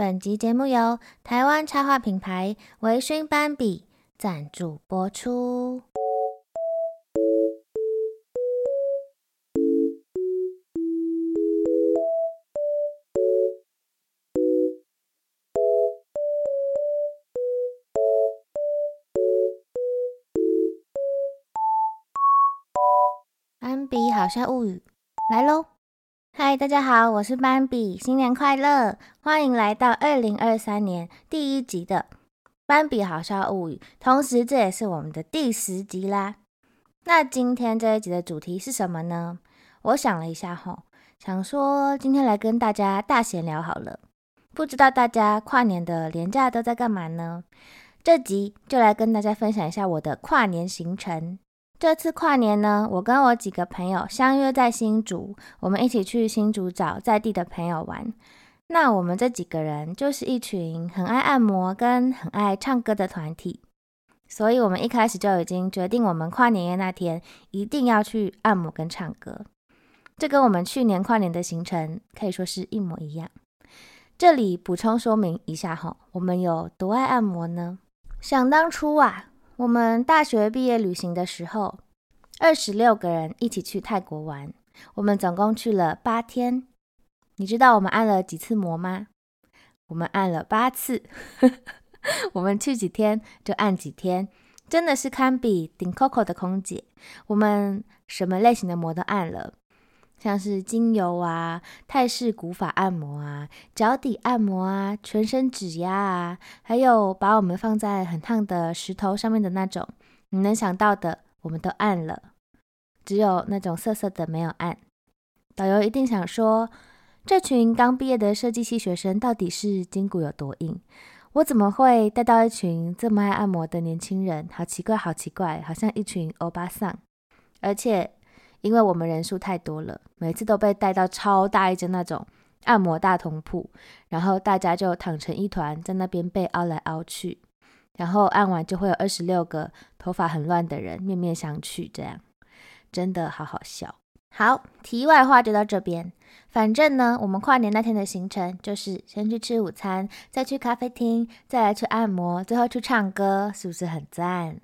本集節目由台灣插畫品牌微醺斑比贊助播出。斑比好像物語來嘍！嗨，Hi, 大家好，我是斑比，新年快樂！歡迎來到二零二三年第一集的《斑比好笑物語》，同時這也是我們的第十集啦。那今天這一集的主題是什麼呢？我想了一下哈，想說今天來跟大家大閒聊好了。不知道大家跨年的連假都在幹嘛呢？這集就來跟大家分享一下我的跨年行程。這次跨年呢，我跟我幾個朋友相約在新竹，我們一起去新竹找在地的朋友玩。那我們這幾個人就是一群很愛按摩跟很愛唱歌的團體，所以我們一開始就已經決定，我們跨年夜那天一定要去按摩跟唱歌。這跟我們去年跨年的行程可以說是一模一樣。這裡補充說明一下吼，我們有多愛按摩呢？想當初啊。我們大學畢業旅行的時候，二十六個人一起去泰國玩。我們總共去了八天，你知道我們按了幾次摩嗎？我們按了八次。 我們去幾天就按幾天，真的是堪比頂 Coco 的空姐。我們什麼類型的摩都按了。像是精油啊、泰式古法按摩啊、腳底按摩啊、全身指壓啊，還有把我們放在很燙的石頭上面的那種，你能想到的我們都按了，只有那種色色的沒有按。導遊一定想說，這群剛畢業的設計系學生到底是筋骨有多硬？我怎麼會帶到一群這麼愛按摩的年輕人？好奇怪，好奇怪，好像一群歐巴桑，而且。因為我們人數太多了，每次都被帶到超大一間那種按摩大通鋪，然後大家就躺成一團在那邊被凹來凹去，然後按完就會有二十六個頭髮很亂的人面面相覷，這樣真的好好笑。好，題外話就到這邊。反正呢，我們跨年那天的行程就是先去吃午餐，再去咖啡廳，再來去按摩，最後去唱歌，是不是很讚？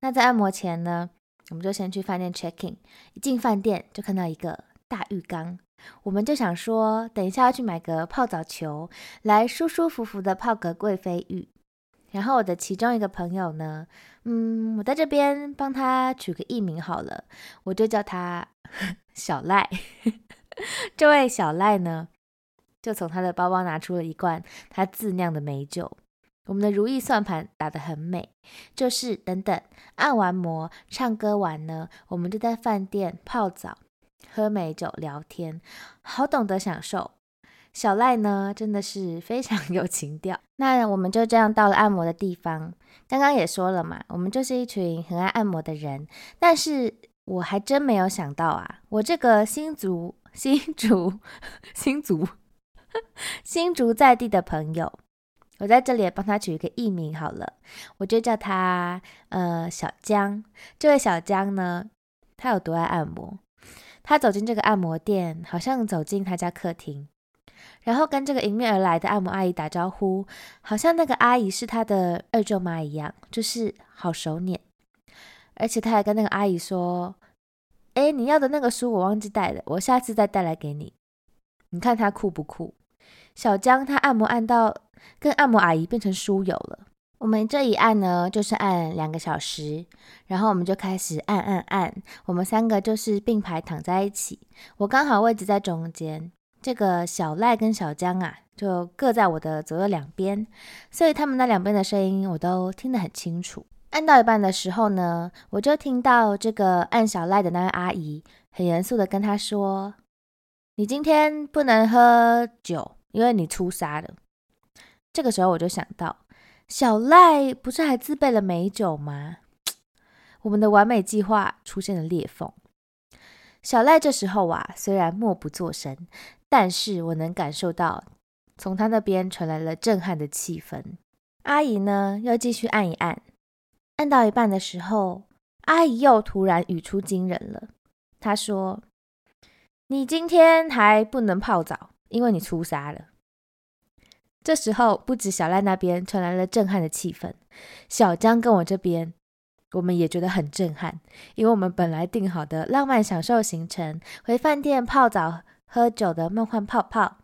那在按摩前呢？我們就先去飯店 check in，一進飯店就看到一個大浴缸，我們就想說，等一下要去買個泡澡球，來舒舒服服的泡個貴妃浴。然後我的其中一個朋友呢，嗯，我在這邊幫他取個藝名好了，我就叫他小賴。 這位小賴呢，就從他的包包拿出了一罐他自釀的美酒。我們的如意算盤打得很美，就是等等，按完摩，唱歌完呢，我們就在飯店泡澡，喝美酒，聊天，好懂得享受。小賴呢，真的是非常有情調。那我們就這樣到了按摩的地方，剛剛也說了嘛，我們就是一群很愛按摩的人。但是我還真沒有想到啊，我這個新竹、新竹、新竹、新竹在地的朋友。我在這裡也幫他取一個藝名好了，我就叫他呃小江。這位小江呢，他有多愛按摩？他走進這個按摩店，好像走進他家客廳，然後跟這個迎面而來的按摩阿姨打招呼，好像那個阿姨是他的二舅媽一樣，就是好熟稔。而且他還跟那個阿姨說：“哎，你要的那個書我忘記帶了，我下次再帶來給你。”你看他酷不酷？小江他按摩按到。跟按摩阿姨變成書友了。我們這一按呢，就是按兩個小時，然後我們就開始按按按。我們三個就是並排躺在一起，我剛好位置在中間。這個小賴跟小姜啊，就各在我的左右兩邊，所以他們那兩邊的聲音我都聽得很清楚。按到一半的時候呢，我就聽到這個按小賴的那位阿姨很嚴肅的跟他說：“你今天不能喝酒，因為你出痧了。”這個時候我就想到，小賴不是還自備了美酒嗎？ 我們的完美計劃出現了裂縫。小賴這時候啊，雖然默不作聲，但是我能感受到從他那邊傳來了震撼的氣氛。阿姨呢，又繼續按一按，按到一半的時候，阿姨又突然語出驚人了。她說：“你今天還不能泡澡，因為你出痧了。”這時候，不止小賴那邊傳來了震撼的氣氛，小張跟我這邊，我們也覺得很震撼，因為我們本來定好的浪漫享受行程，回飯店泡澡喝酒的夢幻泡泡，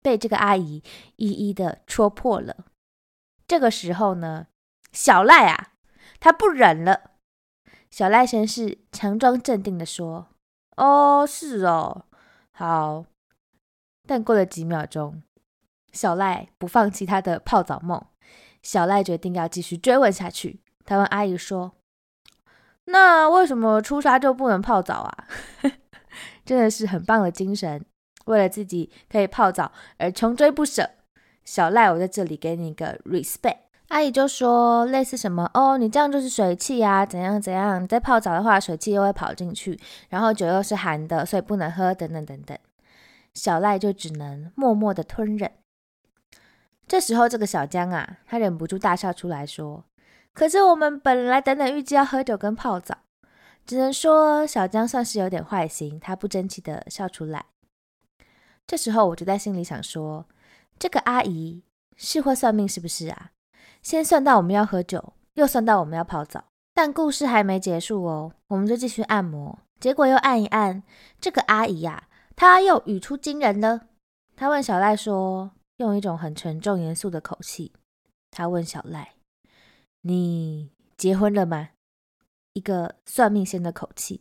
被這個阿姨一一的戳破了。這個時候呢，小賴啊，他不忍了，小賴先是強裝鎮定的說：“哦，是哦，好。”但過了幾秒鐘。小賴不放棄他的泡澡夢，小賴決定要繼續追問下去。他問阿姨說：“那為什麼出痧就不能泡澡啊？” 真的是很棒的精神，為了自己可以泡澡而窮追不捨。小賴，我在這裡給你一個 respect。阿姨就說類似什麼哦，你這樣就是水汽呀、啊，怎樣怎樣。再泡澡的話，水汽又會跑進去，然後酒又是寒的，所以不能喝，等等等等。小賴就只能默默的吞忍。這時候，這個小江啊，他忍不住大笑出來說：“可是我們本來等等預計要喝酒跟泡澡。”只能說小江算是有點壞心，他不爭氣的笑出來。這時候，我就在心裡想說：“這個阿姨是會算命是不是啊？先算到我們要喝酒，又算到我們要泡澡，但故事還沒結束哦，我們就繼續按摩。結果又按一按，這個阿姨呀、啊，她又語出驚人了。她問小賴說。”用一種很沉重、嚴肅的口氣，他問小賴：“你結婚了嗎？”一個算命仙的口氣，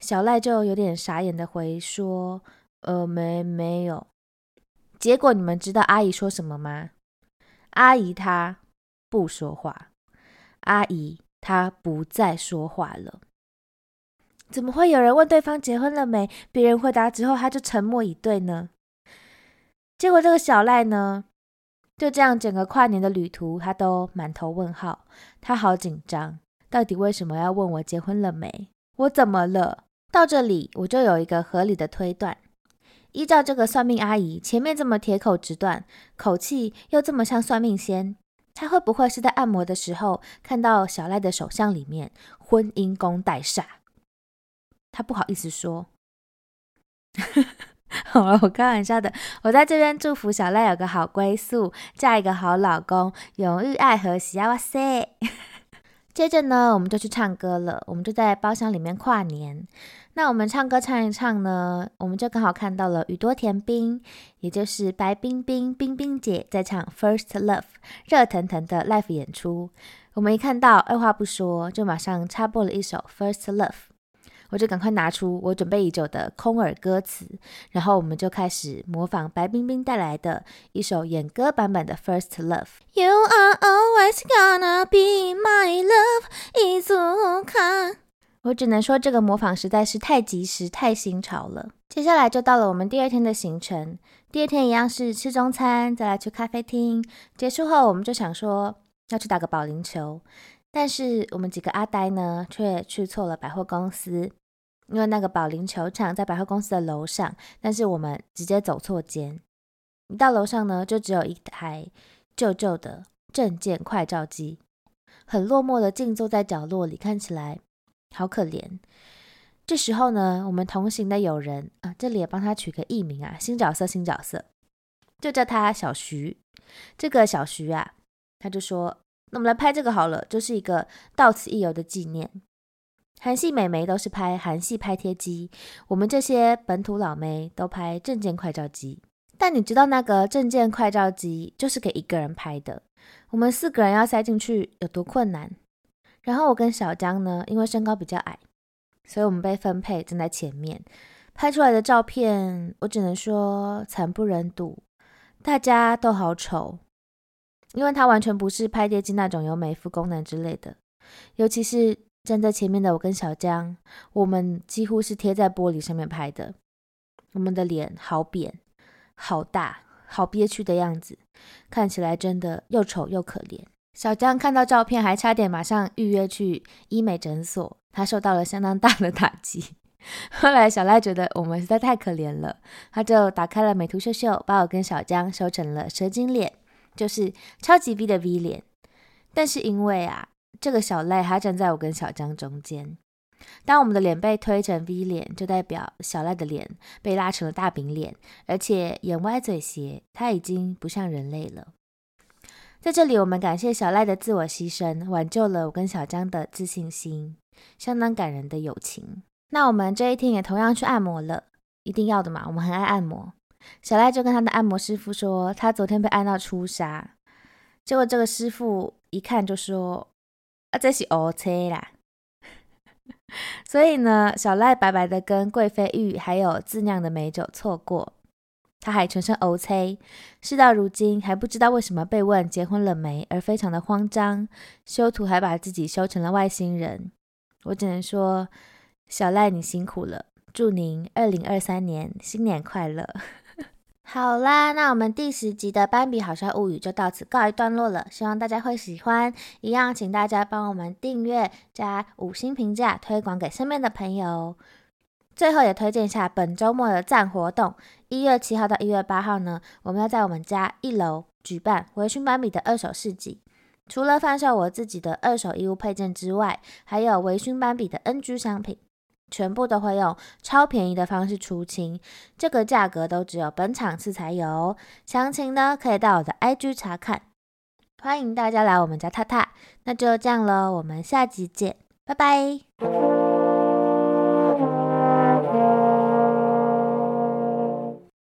小賴就有點傻眼的回說：“呃，沒，沒有。”結果你們知道阿姨說什麼嗎？阿姨她不說話，阿姨她不再說話了。怎麼會有人問對方結婚了沒，別人回答之後，他就沉默以對呢？結果這個小賴呢，就這樣整個跨年的旅途，他都滿頭問號，他好緊張，到底為什麼要問我結婚了沒？我怎麼了？到這裡我就有一個合理的推斷，依照這個算命阿姨前面這麼鐵口直斷，口氣又這麼像算命仙，他會不會是在按摩的時候看到小賴的手相裡面婚姻宮帶煞，他不好意思說。 好了，我開玩笑的。我在這邊祝福小賴有個好歸宿，嫁一個好老公，永浴愛河喜。啊！哇塞！接着呢，我們就去唱歌了。我們就在包廂裡面跨年。那我們唱歌唱一唱呢，我們就剛好看到了宇多田冰，也就是白冰冰冰冰姐在唱《First Love》，熱騰騰的 live 演出。我們一看到，二話不說，就馬上插播了一首《First Love》。我就趕快拿出我準備已久的空耳歌詞，然後我們就開始模仿白冰冰帶來的一首演歌版本的《First Love》。You are always gonna be my love，一足卡。我只能說這個模仿實在是太及時、太新潮了。接下來就到了我們第二天的行程，第二天一樣是吃中餐，再來去咖啡廳。結束後，我們就想說要去打個保齡球。但是我們幾個阿呆呢，卻去錯了百貨公司，因為那個保齡球場在百貨公司的樓上，但是我們直接走錯間，一到樓上呢，就只有一台舊舊的證件快照機，很落寞的靜坐在角落裡，看起來好可憐。這時候呢，我們同行的友人啊，這裡也幫他取個藝名啊，新角色新角色，就叫他小徐。這個小徐啊，他就說。那我們來拍這個好了，就是一個到此一遊的紀念。韓系美眉都是拍韓系拍貼機，我們這些本土老妹都拍證件快照機。但你知道那個證件快照機就是給一個人拍的，我們四個人要塞進去有多困難？然後我跟小江呢，因為身高比較矮，所以我們被分配站在前面，拍出來的照片我只能說慘不忍睹，大家都好醜。因為它完全不是拍貼機那種有美膚功能之類的，尤其是站在前面的我跟小江，我們幾乎是貼在玻璃上面拍的，我們的臉好扁、好大、好憋屈的樣子，看起來真的又醜又可憐。小江看到照片還差點馬上預約去醫美診所，他受到了相當大的打擊。後來小賴覺得我們實在太可憐了，他就打開了美圖秀秀，把我跟小江修成了蛇精臉。就是超級 V 的 V 臉，但是因為啊，這個小賴他站在我跟小張中間，當我們的臉被推成 V 臉，就代表小賴的臉被拉成了大餅臉，而且眼歪嘴斜，他已經不像人類了。在這裡，我們感謝小賴的自我犧牲，挽救了我跟小張的自信心，相當感人的友情。那我們這一天也同樣去按摩了，一定要的嘛，我們很愛按摩。小賴就跟他的按摩師傅說，他昨天被按到出痧，結果這個師傅一看就說：“啊，這是 O 車啦。 ”所以呢，小賴白白的跟貴妃浴還有自釀的美酒錯過，他還全身 O 車。事到如今還不知道為什麼被問結婚了沒，而非常的慌張。修圖還把自己修成了外星人。我只能說，小賴你辛苦了，祝您二零二三年新年快樂。好啦，那我們第十集的《斑比好笑物語》就到此告一段落了。希望大家會喜歡，一樣請大家幫我們訂閱、加五星評價、推廣給身邊的朋友。最後也推薦一下本周末的站活動，一月七號到一月八號呢，我們要在我們家一樓舉辦微醺斑比的二手市集。除了販售我自己的二手衣物配件之外，還有微醺斑比的 NG 商品。全部都會用超便宜的方式出清，這個價格都只有本場次才有。詳情呢，可以到我的 IG 查看。歡迎大家來我們家踏踏。那就這樣了，我們下集見，拜拜。